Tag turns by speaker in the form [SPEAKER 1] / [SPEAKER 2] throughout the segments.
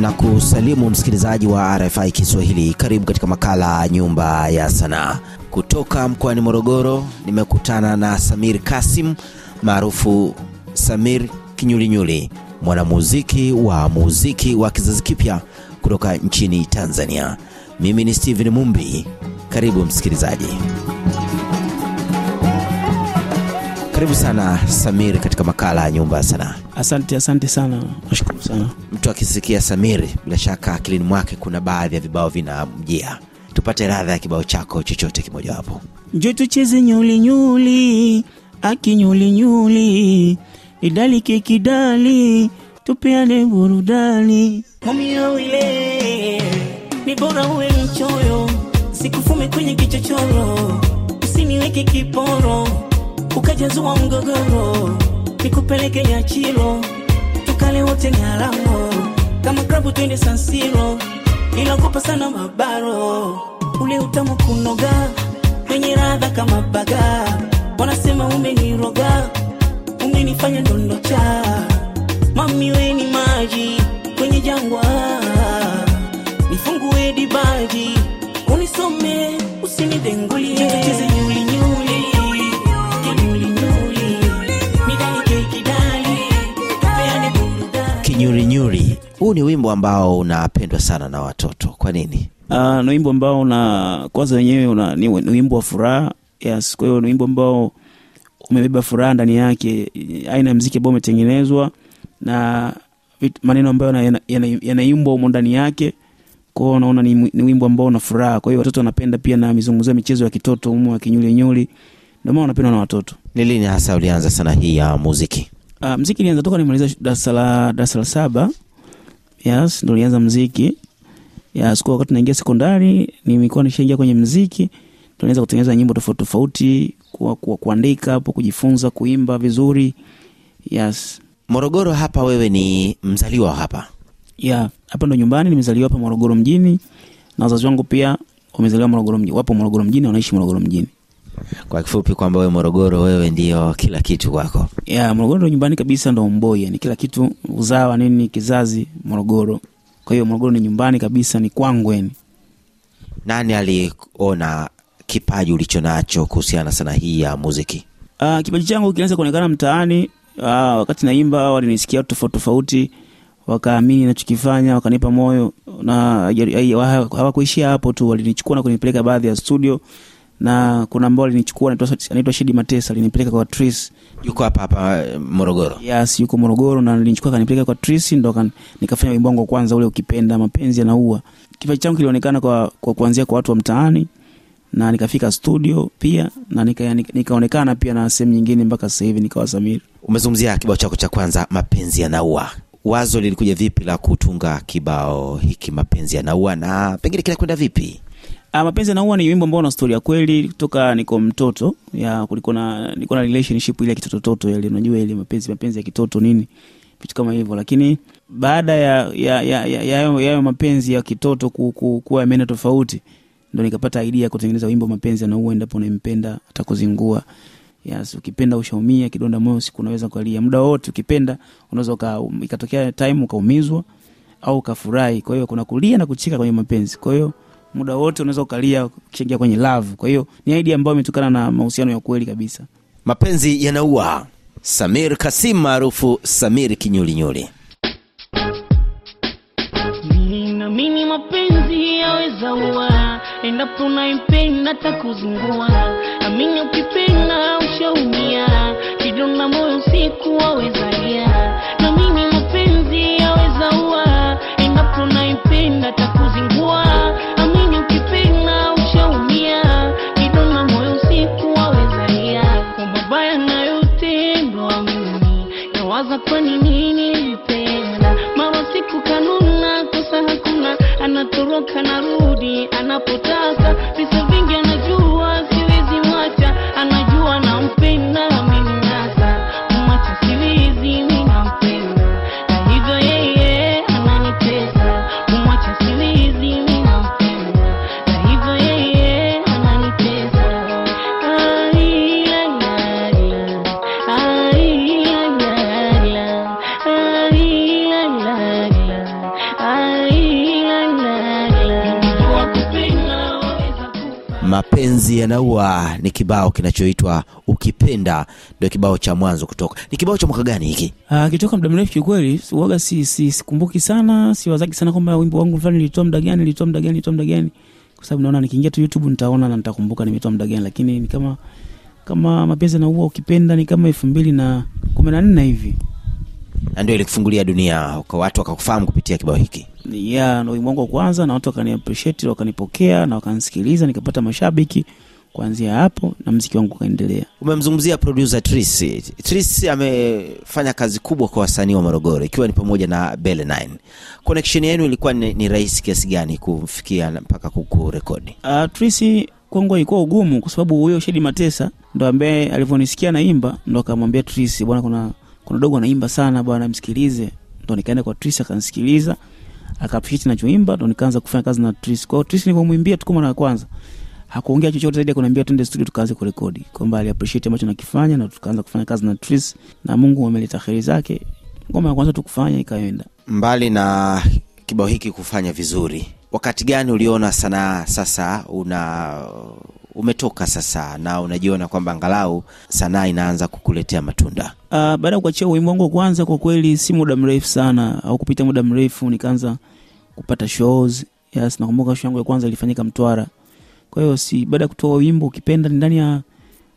[SPEAKER 1] na kusalimu msikilizaji wa RFI Kiswahili. Karibu katika makala Nyumba ya Sanaa. Kutoka mkoani Morogoro nimekutana na Samir Kasim maarufu Samir Kinyulinyuli, mwanamuziki wa muziki wa kizazi kipya kutoka nchini Tanzania. Mimi ni Steven Mumbi. Karibu msikilizaji. Karibu sana Samiri katika makala ya Nyumba ya Sanaa.
[SPEAKER 2] Asante, asante sana,
[SPEAKER 1] nashukuru sana. Mtu akisikia Samiri, bila shaka akilini mwake kuna baadhi ya vibao vinamjia. Tupate radha ya kibao chako chochote kimojawapo.
[SPEAKER 3] Njoo tucheze nyulinyuli, akinyulinyuli, idali kidali tupeane burudani. Mamiawile ni bora uwe mchoyo, sikufume kwenye kichochoro, usiniweke kiporo ukajazua mgogoro, nikupeleke chilo, tukale wote Ng'aramo, kama krabu, twende sansilo Siro, ila kupa sana mabaro, ule utamu kunoga wenye radha kama baga, wanasema umeniroga, umenifanya ndondocha, mami weni maji kwenye jangwa, nifungue dibaji, unisome usinidengulie, tucheze nyulinyuli
[SPEAKER 1] nyuri nyuri. Huu ni wimbo ambao unapendwa sana na watoto, kwa nini? Uh, ni wimbo ambao na kwanza wenyewe
[SPEAKER 2] ni wimbo wa furaha yes. Kwa hiyo ni wimbo ambao umebeba furaha ndani yake, aina ya mziki ambao umetengenezwa na maneno ambayo yanaimbwa yana, yana humo ndani yake. kwao hiyo unaona ni, ni wimbo ambao una furaha, kwa hiyo watoto wanapenda pia, na mizungumzo ya michezo ya kitoto humo wakinyulinyuli kinyulinyuli, wanapendwa na watoto. Ni lini hasa ulianza sana hii
[SPEAKER 1] ya muziki?
[SPEAKER 2] uh, mziki ilianza toka nimaliza darasa la darasa la saba yes, ndo nilianza mziki yes, kwa wakati naingia sekondari nimekuwa nishaingia kwenye mziki tunaweza kutengeneza nyimbo tofauti tofauti kwa, kwa kuandika hapo kujifunza kuimba vizuri
[SPEAKER 1] yes. Morogoro hapa wewe ni mzaliwa hapa? ya
[SPEAKER 2] Yeah, hapa ndo nyumbani, nimezaliwa hapa Morogoro mjini na wazazi wangu pia wamezaliwa Morogoro mjini, wapo Morogoro mjini, wanaishi Morogoro mjini.
[SPEAKER 1] Kwa kifupi kwamba wewe Morogoro, wewe ndio kila kitu
[SPEAKER 2] kwako. Yeah, Morogoro ndio nyumbani kabisa, ndo mboi, yani kila kitu, uzawa nini, kizazi Morogoro.
[SPEAKER 1] Kwa hiyo Morogoro ni nyumbani kabisa, ni kwangu yani. Nani aliona kipaji ulicho nacho kuhusiana sana hii ya muziki?
[SPEAKER 2] Uh, kipaji changu kilianza kuonekana mtaani. Uh, wakati naimba walinisikia tofauti tofauti, wakaamini nachokifanya, wakanipa moyo na hawakuishia hapo tu, walinichukua na kunipeleka baadhi ya studio na kuna ambao alinichukua anaitwa Shidi Matesa, alinipeleka kwa Tris, yuko hapa hapa Morogoro. Yes, yuko Morogoro, na alinichukua kanipeleka kwa Tris, ndo nikafanya wimbo wangu wa kwanza ule, ukipenda mapenzi yanaua. Kipaji changu kilionekana kwa, kwa kuanzia kwa watu wa mtaani na nikafika studio pia na nikaonekana nika, pia na sehemu nyingine mpaka sasa hivi nikawa Samiri.
[SPEAKER 1] Umezungumzia kibao chako cha kwanza mapenzi yanaua, wazo lilikuja vipi la kutunga kibao hiki mapenzi yanaua, na pengine kinakwenda vipi? Ah, mapenzi yanaua ni wimbo ambao una
[SPEAKER 2] story ya kweli kutoka niko mtoto ya kuliko na niko na relationship ile ya kitoto toto ile unajua ile mapenzi mapenzi ya kitoto nini vitu kama hivyo lakini baada ya ya ya ya, ya, ya mapenzi ya kitoto ku, ku, kuwa yameenda tofauti ndo nikapata idea ya kutengeneza wimbo mapenzi yanaua endapo unampenda atakuzingua yes, ukipenda ushaumia kidonda moyo siku unaweza ukalia muda wote ukipenda unaweza ikatokea time ukaumizwa au ukafurahi kwa hiyo kuna kulia na kuchika kwenye mapenzi kwa hiyo muda wote unaweza ukalia ukishaingia kwenye love. Kwa hiyo ni idea ambayo imetokana na mahusiano ya kweli kabisa.
[SPEAKER 1] Mapenzi yanaua. Samir Kasim maarufu Samir Kinyulinyuli.
[SPEAKER 3] Ninaamini mapenzi yaweza ua, endapo unaipenda takuzingua. Amini ukipenda ushaumia, kidonda moyo siku wawezalia. Naamini nakutaka
[SPEAKER 1] Mapenzi yanaua ni kibao kinachoitwa Ukipenda, ndio kibao cha mwanzo kutoka. Ni kibao cha mwaka gani hiki?
[SPEAKER 2] Ah, kitoka muda mrefu kiukweli, uoga si sikumbuki si, sana, siwazaki sana kwamba wimbo wangu fulani nilitoa muda gani, nilitoa muda gani, nilitoa muda gani, kwa sababu naona nikiingia tu YouTube nitaona na nitakumbuka nimetoa muda gani, lakini ni kama kama Mapenzi yanaua Ukipenda ni kama elfu mbili na
[SPEAKER 1] kumi na nne hivi na ndio ilikufungulia dunia kwa watu wakakufahamu kupitia kibao hiki
[SPEAKER 2] yeah, ndio wimbo wangu wa kwanza na watu wakani appreciate wakanipokea na wakanisikiliza nikapata mashabiki
[SPEAKER 1] kuanzia hapo na mziki wangu ukaendelea. Umemzungumzia producer Tris. Tris amefanya kazi kubwa kwa wasanii wa Morogoro ikiwa ni pamoja na Bele 9. Connection yenu ilikuwa ni, ni rahisi kiasi gani kumfikia mpaka kukurekodi?
[SPEAKER 2] Uh, ah, Tris kwangu ilikuwa ugumu kwa sababu huyo Shedi Matesa ndo ambaye alivyonisikia naimba ndo akamwambia Tris, bwana kuna kuna dogo anaimba sana bwana, msikilize. Ndo nikaenda kwa Tris akansikiliza akapishi nachoimba, ndo nikaanza kufanya kazi na Tris. kwao Tris nilivyomwimbia tuku mara ya kwanza hakuongea chochote zaidi akunaambia tuende studio tukaanze kurekodi, kwamba ali appreciate ambacho nakifanya, na tukaanza kufanya kazi na Tris na Mungu ameleta heri zake.
[SPEAKER 1] Ngoma ya kwanza tu kufanya ikaenda. Mbali na kibao hiki kufanya vizuri, wakati gani uliona sanaa sasa una umetoka sasa na unajiona kwamba angalau sanaa inaanza kukuletea matunda? Uh,
[SPEAKER 2] baada ya kuachia wimbo wangu wa kwanza, kwa kweli si muda mrefu sana au kupita muda mrefu nikaanza kupata shows. Yes, nakumbuka show yangu ya kwanza ilifanyika Mtwara. Kwa hiyo si baada ya kutoa wimbo ukipenda, ni ndani ya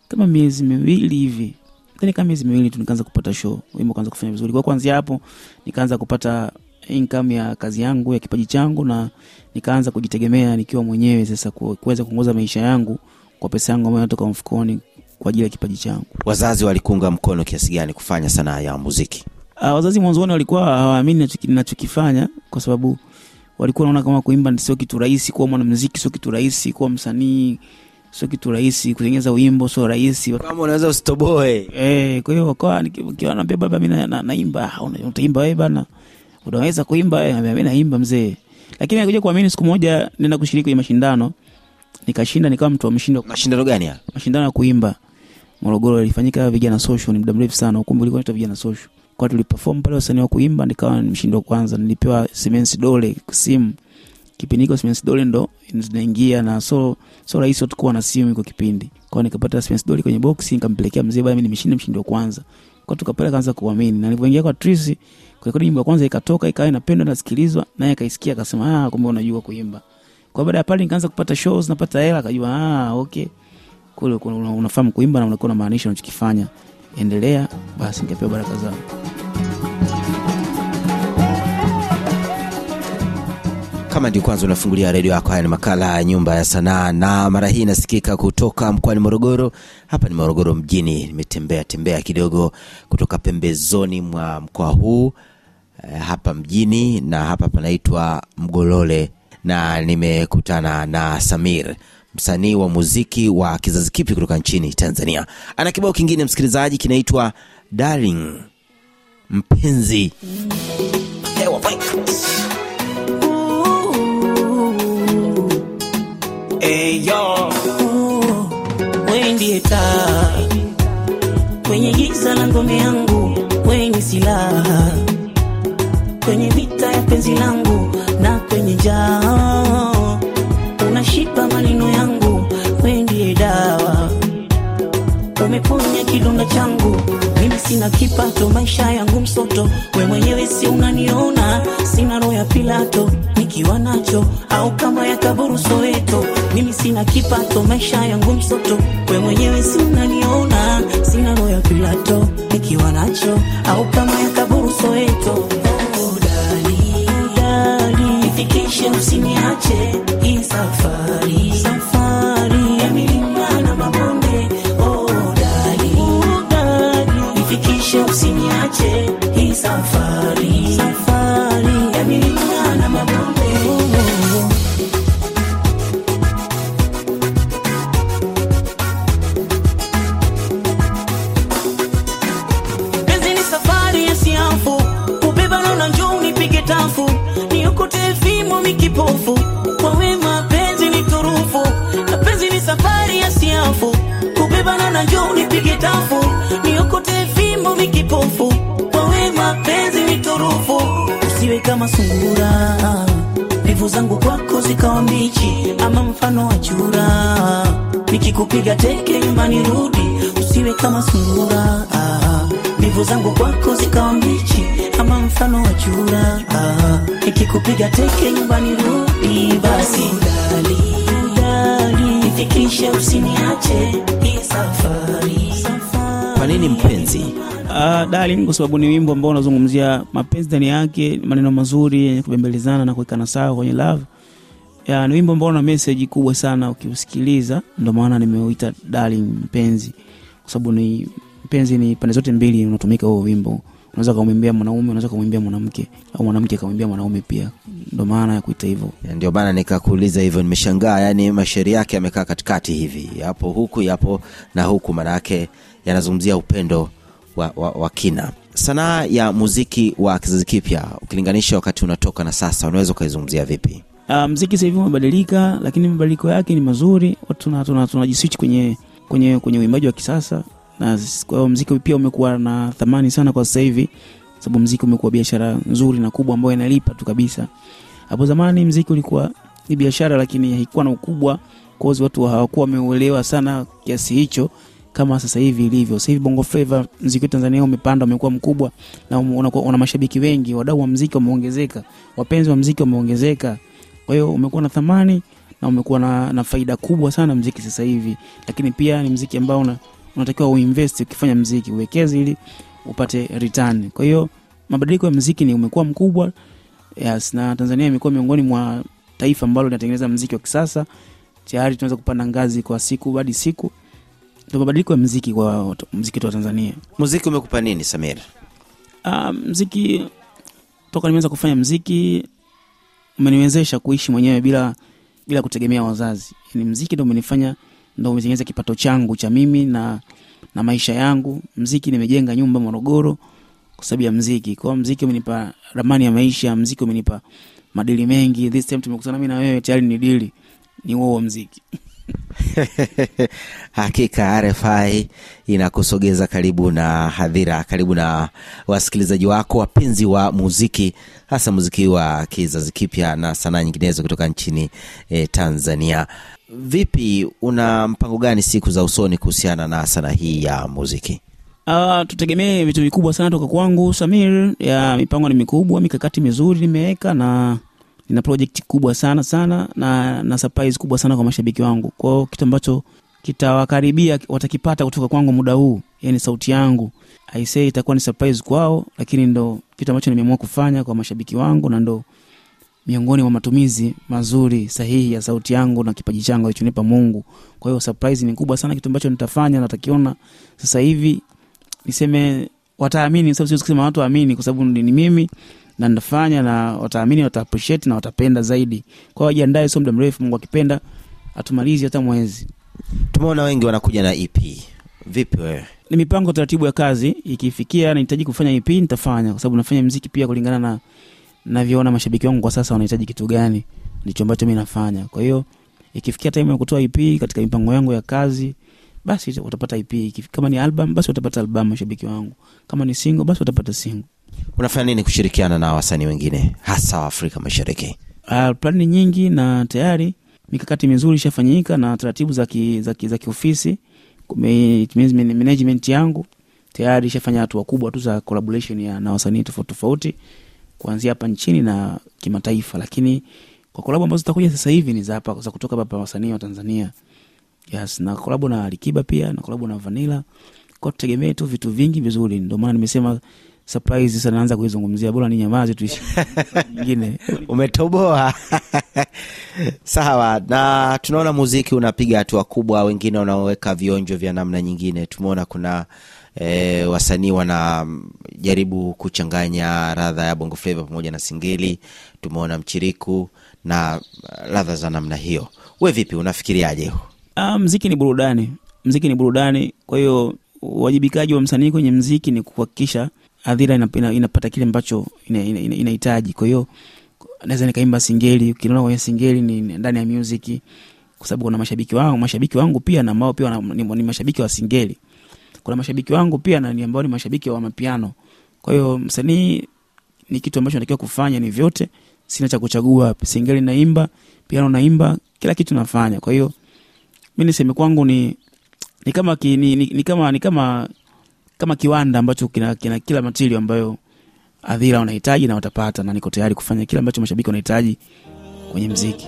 [SPEAKER 2] kama miezi miwili hivi ndani kama miezi miwili tu nikaanza kupata show, wimbo kaanza kufanya vizuri. Kwa kuanzia hapo nikaanza kupata income ya kazi yangu ya kipaji changu, na nikaanza kujitegemea nikiwa mwenyewe sasa, kuweza kuongoza maisha yangu kwa pesa yangu ambayo natoka mfukoni kwa ajili ya kipaji changu.
[SPEAKER 1] Wazazi walikuunga mkono kiasi gani kufanya sanaa ya muziki?
[SPEAKER 2] Uh, wazazi mwanzoni walikuwa hawaamini ninachokifanya kwa sababu walikuwa naona kama kuimba sio kitu rahisi, kuwa mwanamziki sio kitu rahisi, kuwa msanii sio kitu rahisi, kutengeneza wimbo sio rahisi, kama unaweza usitoboe eh. Kwa hiyo wakawa nikiwa naambia baba, mimi naimba. Ah, na, Utaimba wewe bana? Unaweza kuimba? Mimi naimba mzee. Lakini alikuja kuamini siku moja nenda kushiriki kwenye mashindano nikashinda nikawa mtu wa mshindo Mashindano gani haya? Mashindano ya kuimba Morogoro, yalifanyika vijana social, ni muda mrefu sana, ukumbi ulikuwa unaitwa vijana social. Kwa tuliperform pale wasanii wa kuimba, nikawa ni mshindo wa kwanza, nilipewa Simensi Dole simu kipindi hicho Simensi Dole ndo zinaingia na so so rahisi tukuwa na simu iko kipindi. Kwa nikapata Simensi Dole kwenye box nikampelekea mzee, bwana mimi nimeshinda mshindi wa kwanza. Kwa tukapale kaanza kuamini. Na nilipoingia kwa Trisi, kwa nyimbo ya kwanza ikatoka ikawa inapendwa nasikilizwa, naye akaisikia akasema, ah, kumbe unajua kuimba. Kwa baada ya pale nikaanza kupata shows, napata hela, akajua ah, okay. Kule unafahamu kuimba na unakuwa na maanisha unachokifanya. Endelea basi, ningepewa baraka zao.
[SPEAKER 1] Kama ndio kwanza unafungulia redio yako, haya ni makala ya Nyumba ya Sanaa, na mara hii inasikika kutoka mkoani Morogoro. Hapa ni Morogoro mjini, nimetembea tembea kidogo kutoka pembezoni mwa mkoa huu eh, hapa mjini, na hapa panaitwa Mgolole na nimekutana na Samir, msanii wa muziki wa kizazi kipya kutoka nchini Tanzania. Ana kibao kingine msikilizaji, kinaitwa Darling, mpenzi hewa
[SPEAKER 3] kwenye giza la ngome yangu, kwenye silaha, kwenye vita ya penzi langu ujao, unashiba maneno yangu, wewe ndiye dawa, umeponya kidonda changu. Mimi sina kipato, maisha yangu msoto, we mwenyewe si unaniona, sina roho ya Pilato nikiwa nacho au kama ya kaburu Soweto. Mimi sina kipato, maisha yangu msoto, we mwenyewe si unaniona, sina roho ya Pilato nikiwa nacho au kama ya kaburu Soweto nifikishe, usiniache hii safari nikikupiga teke nyumbani rudi, usiwe kama sungura. Mbivu ah, zangu kwako zikawa mbichi kama mfano wa chura. Ah, nikikupiga teke nyumbani rudi, basi ndali ndali, nifikishe usiniache hii safari.
[SPEAKER 1] Kwa nini mpenzi? Uh,
[SPEAKER 2] darling kwa sababu ni wimbo ambao unazungumzia mapenzi ndani yake, maneno mazuri yenye kubembelezana na kuwekana sawa kwenye love ya, ni wimbo ambao una message kubwa sana ukiusikiliza, ndio maana nimeuita darling mpenzi, kwa sababu ni mpenzi, ni pande zote mbili unatumika huo wimbo. Unaweza kumwimbia mwanaume, unaweza kumwimbia mwanamke, au mwanamke akamwimbia mwanaume pia, ndio
[SPEAKER 1] maana ya kuita hivyo. Ndio maana nikakuuliza hivyo, nimeshangaa. Yani mashairi yake yamekaa katikati hivi, yapo huku, yapo na huku, maana yake yanazungumzia upendo wa, wa, wa kina. Sanaa ya muziki wa kizazi kipya ukilinganisha wakati unatoka na sasa, unaweza ukaizungumzia vipi?
[SPEAKER 2] Uh, ah, mziki sasa hivi umebadilika, lakini mabadiliko yake ni mazuri. Watu tunajiswitch tuna, tuna kwenye kwenye kwenye uimbaji wa kisasa, na kwa hiyo mziki pia umekuwa na thamani sana kwa sasa hivi, sababu mziki umekuwa biashara nzuri na kubwa ambayo inalipa tu kabisa. Hapo zamani mziki ulikuwa ni biashara, lakini haikuwa na ukubwa cause watu hawakuwa wameuelewa sana kiasi hicho kama sasa hivi ilivyo. Sasa hivi Bongo flavor mziki Tanzania umepanda, umekuwa mkubwa na una, una mashabiki wengi, wadau wa mziki wameongezeka, wapenzi wa mziki wameongezeka. wa kwa hiyo umekuwa na thamani na umekuwa na, na faida kubwa sana mziki sasa hivi, lakini pia ni mziki ambao una, unatakiwa uinvest ukifanya mziki, uwekeze ili upate return. Kwa hiyo mabadiliko ya mziki ni umekuwa mkubwa yes, na Tanzania imekuwa miongoni mwa taifa ambalo linatengeneza mziki wa kisasa tayari tunaweza kupanda ngazi kwa siku hadi siku. Ndio mabadiliko ya mziki kwa mziki wa Tanzania.
[SPEAKER 1] Muziki umekupa nini
[SPEAKER 2] Samir? Uh, mziki toka nimeanza kufanya mziki umeniwezesha kuishi mwenyewe bila bila kutegemea wazazi. Yani mziki ndo umenifanya ndo umetengeneza kipato changu cha mimi na na maisha yangu. Mziki nimejenga nyumba Morogoro kwa sababu ya mziki. Kwa mziki umenipa ramani ya maisha, mziki umenipa madili mengi. This time tumekutana mimi na wewe tayari ni dili ni huo mziki.
[SPEAKER 1] Hakika RFI inakusogeza karibu na hadhira, karibu na wasikilizaji wako wapenzi wa muziki, hasa muziki wa kizazi kipya na sanaa nyinginezo kutoka nchini e, Tanzania. Vipi, una mpango gani siku za usoni kuhusiana na sanaa hii ya muziki?
[SPEAKER 2] Uh, tutegemee vitu vikubwa sana toka kwangu Samir. Ya mipango ni mikubwa, mikakati mizuri nimeweka na nina project kubwa sana sana na, na surprise kubwa sana kwa mashabiki wangu kwao kitu ambacho kitawakaribia watakipata kutoka kwangu muda huu yani sauti yangu aisee itakuwa ni surprise kwao lakini ndo kitu ambacho nimeamua kufanya kwa mashabiki wangu na ndo miongoni mwa matumizi mazuri sahihi ya sauti yangu na kipaji changu alichonipa mungu kwa hiyo surprise ni kubwa sana kitu ambacho nitafanya natakiona sasa hivi niseme wataamini sababu siwezi kusema watu waamini kwa sababu ni mimi na nitafanya na wataamini, wata appreciate na watapenda zaidi. Kwa wajiandae, sio muda mrefu, Mungu akipenda atumalizi hata mwezi. Tumeona wengi wanakuja na EP. Vipi wewe? Ni mipango taratibu ya kazi, ikifikia nahitaji kufanya EP nitafanya, kwa sababu nafanya mziki pia kulingana na navyoona mashabiki wangu kwa sasa wanahitaji kitu gani, ndicho ambacho mi nafanya. Kwa hiyo ikifikia time ya kutoa EP katika mipango yangu ya kazi basi utapata EP. Kama ni album basi utapata album mashabiki wangu, kama ni single basi utapata single.
[SPEAKER 1] Unafanya nini kushirikiana na wasanii wengine hasa wa Afrika Mashariki?
[SPEAKER 2] Uh, plani nyingi na tayari mikakati mizuri ishafanyika na taratibu za kiofisi. Management yangu tayari ishafanya hatua kubwa tu za collaboration ya, na wasanii tofauti tofauti kuanzia hapa nchini na kimataifa, lakini kwa kolabu ambazo zitakuja sasa hivi ni za za kutoka hapa wasanii wa Tanzania. Yes, na kolabu na Alikiba pia na kolabu na vanila Kwa tutegemee tu vitu vingi vizuri, ndio maana nimesema surprise sasa naanza kuizungumzia, bora ni nyamazi tuishi nyingine. Umetoboa.
[SPEAKER 1] Sawa, na tunaona muziki unapiga hatua kubwa, wengine wanaoweka vionjo vya namna nyingine. Tumeona kuna e, wasanii wanajaribu kuchanganya radha ya bongo flava pamoja na singeli. Tumeona mchiriku na radha za namna hiyo. We vipi, unafikiriaje?
[SPEAKER 2] Ah, mziki ni burudani, mziki ni burudani. Kwa hiyo uwajibikaji wa msanii kwenye mziki ni kuhakikisha adhira inapata ina, ina kile ambacho inahitaji ina, ina, ina, ina kwa hiyo naweza nikaimba singeli ukiniona kwenye singeli ni ndani ya music kwa sababu kuna mashabiki wangu mashabiki wangu pia na ambao pia ni, ni mashabiki wa singeli kuna mashabiki wangu pia na ni ambao ni mashabiki wa mapiano kwa hiyo msanii ni kitu ambacho natakiwa kufanya ni vyote sina cha kuchagua singeli naimba piano naimba kila kitu nafanya kwa hiyo mi niseme kwangu ni ni kama ki, ni, ni, ni kama ni kama kama kiwanda ambacho kina, kina kila matirio ambayo adhira wanahitaji na watapata, na niko tayari kufanya kile ambacho mashabiki wanahitaji
[SPEAKER 1] kwenye mziki.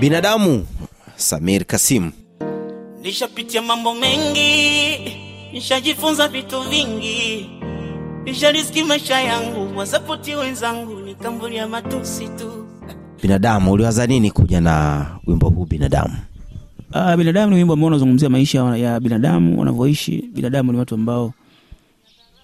[SPEAKER 1] Binadamu Samir Kasim.
[SPEAKER 3] Nishapitia mambo mengi, nishajifunza vitu vingi, nishariski maisha yangu wasapoti wenzangu, ni kamburi ya matusi tu
[SPEAKER 1] binadamu, uliwaza nini kuja na wimbo huu binadamu?
[SPEAKER 2] Uh, binadamu ni wimbo ambao unazungumzia maisha ya binadamu wanavyoishi. Binadamu ni watu ambao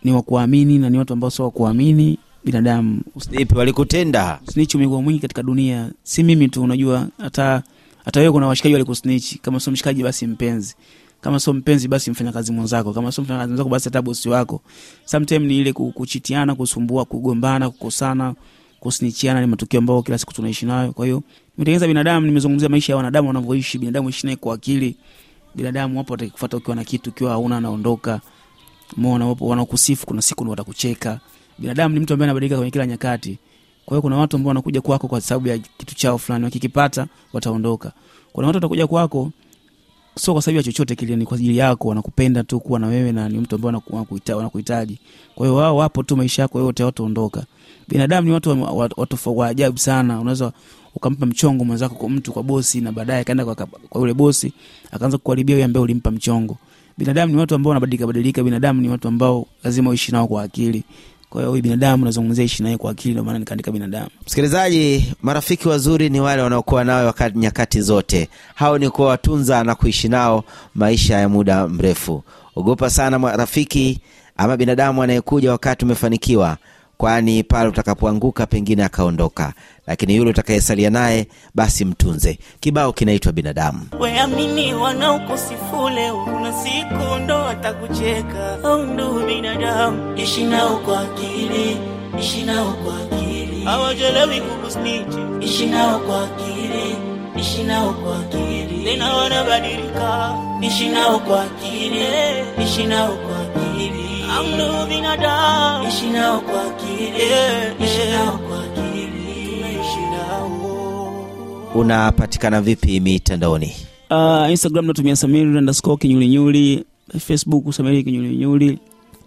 [SPEAKER 2] ni wa kuamini na ni watu ambao sio wa kuamini binadamu.
[SPEAKER 1] Usidipi walikutenda
[SPEAKER 2] snitch, umekuwa mwingi katika dunia, si mimi tu. Unajua hata hata wewe kuna washikaji walikusnitch. Kama sio mshikaji, basi mpenzi. Kama sio mpenzi, basi mfanyakazi mwenzako. Kama sio mfanyakazi mwenzako, basi hata bosi wako. Sometimes ni ile kuchitiana, kusumbua, kugombana, kukosana kusnichiana ni matukio ambayo kila siku tunaishi nayo. Kwa hiyo nimetengeneza binadamu, nimezungumzia maisha ya wanadamu wanavyoishi. Binadamu ishi naye kwa akili. Binadamu wapo watakufuata ukiwa na kitu, ukiwa hauna anaondoka. mona wapo wanakusifu, kuna siku ndio watakucheka. Binadamu ni mtu ambaye anabadilika kwenye kila nyakati. Kwa hiyo kuna watu ambao wanakuja kwako kwa sababu ya kitu chao fulani, wakikipata wataondoka. Kuna watu watakuja kwako sio kwa sababu ya chochote kile, ni kwa ajili yako, wanakupenda tu kuwa na wewe na ni mtu ambaye wanakuhitaji. Kwa hiyo wao wapo tu maisha yako yote, wataondoka. Binadamu ni watu wa, wa, wa, wa ajabu sana. Unaweza ukampa mchongo mwenzako kwa mtu, kwa bosi, na baadaye akaenda kwa, kwa yule bosi akaanza kukuharibia yeye ambaye ulimpa mchongo. Binadamu ni watu ambao wanabadilika badilika. Binadamu ni watu ambao lazima uishi nao kwa akili kwahiyo huyu binadamu nazungumzia, ishi naye kwa akili, ndio maana nikaandika binadamu.
[SPEAKER 1] Msikilizaji, marafiki wazuri ni wale wanaokuwa nawe wakati nyakati zote, hao ni kuwatunza na kuishi nao maisha ya muda mrefu. Ogopa sana marafiki ama binadamu anayekuja wakati umefanikiwa kwani pale utakapoanguka pengine akaondoka, lakini yule utakayesalia naye basi mtunze. Kibao kinaitwa Binadamu.
[SPEAKER 3] Weamini wanaokusifu kuna siku ndo atakucheka au oh, ndu binadamu. Ishi nao kwa akili, ishi nao kwa akili, Ishi nao kwa akili nishi nao kwa akili, tena wanabadilika, nishi nao kwa akili, nishi nao kwa akili amnu binadamu, nishi nao kwa akili, nishi nao kwa akili, tunaishi nao.
[SPEAKER 1] Unapatikana vipi mitandaoni?
[SPEAKER 2] Uh, Instagram natumia Samiri underscore kinyulinyuli, Facebook Samiri kinyulinyuli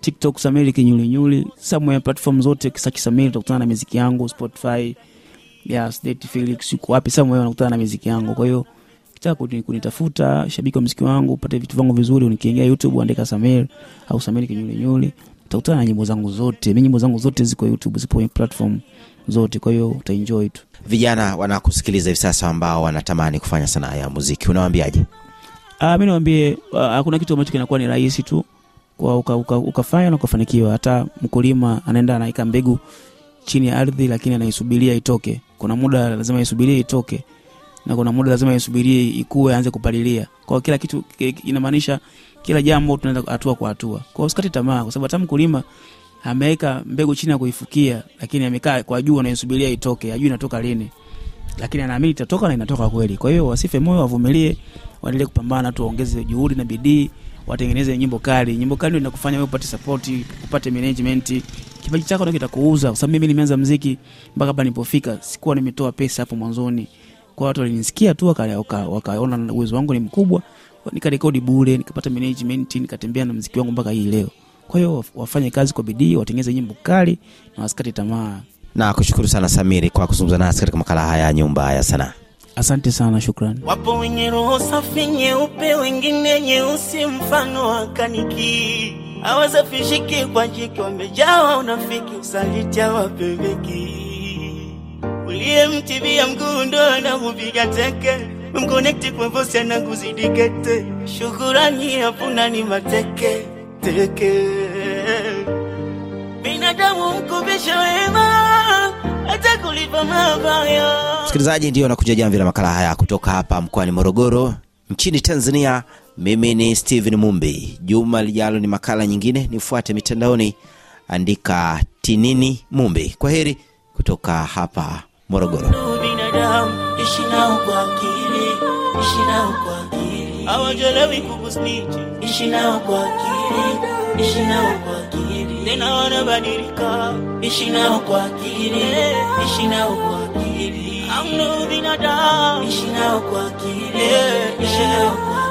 [SPEAKER 2] TikTok Samiri kinyulinyuli, ya platform zote, kisa kisamiri, utakutana na miziki yangu Spotify yes, State Felix yuko wapi? Sasa mimi nakutana na muziki yangu. Kwa hiyo kitako kunitafuta, shabiki wa muziki wangu, upate vitu vangu vizuri, unikiingia YouTube andika Samir au Samir kinyule nyuli. Utakutana na nyimbo zangu zote. Mimi nyimbo zangu zote ziko YouTube, zipo kwenye platform zote, kwa hiyo
[SPEAKER 1] utaenjoy tu. Vijana wanakusikiliza hivi sasa ambao wanatamani kufanya sanaa ya muziki. Unawaambiaje? Ah, mimi nawaambie ah, hakuna kitu ambacho kinakuwa ni rahisi tu kwa uka, uka, ukafanya
[SPEAKER 2] na ukafanikiwa. Hata mkulima anaenda anaweka mbegu chini ya ardhi, lakini anaisubiria itoke kuna muda lazima isubirie itoke na kuna muda lazima isubirie ikue anze kupalilia kwao kila kitu inamaanisha kila jambo tunaenda hatua kwa hatua kwao usikate tamaa kwa sababu hata mkulima ameweka mbegu chini ya kuifukia lakini amekaa kwa juu anaisubiria itoke ajui inatoka lini lakini anaamini itatoka na inatoka kweli kwa hiyo wasife moyo wavumilie waendelee kupambana waongeze juhudi na bidii watengeneze nyimbo kali. Nyimbo kali ndio inakufanya wewe upate support, upate management. Kipaji chako ndio kitakuuza, kwa sababu mimi nimeanza muziki mpaka hapa nilipofika, sikuwa nimetoa pesa hapo mwanzoni. Kwa watu walinisikia tu wakaona waka, waka, uwezo wangu ni mkubwa, nikarekodi bure, nikapata management, nikatembea na muziki wangu mpaka hii leo. Kwa hiyo wafanye kazi kwa bidii, watengeneze nyimbo kali na wasikate tamaa.
[SPEAKER 1] Na kushukuru sana Samiri kwa kuzungumza nasi katika makala haya ya Nyumba ya Sanaa. Asante sana, shukrani.
[SPEAKER 3] Wapo wenye roho safi nyeupe, wengine nyeusi, mfano wa kaniki hawasafishiki kwa jiki, wamejawa unafiki, usaliti hawapembeki. Uliyemtibia mguu na anakupiga teke, mkonekti kwa vosi na kuzidikete shukurani hapuna, ni mateke teke. Binadamu mkubisha wema, hata kulipa mabaya Msikilizaji,
[SPEAKER 1] ndio nakuja jamvi la makala haya kutoka hapa mkoani Morogoro nchini Tanzania. Mimi ni Steven Mumbi. Juma lijalo ni makala nyingine, nifuate mitandaoni, andika tinini Mumbi. Kwa heri kutoka hapa
[SPEAKER 3] Morogoro. kiri, ishinao kwa akili I'm moving around. Ishi na ukwakile, ishi na ukwakile.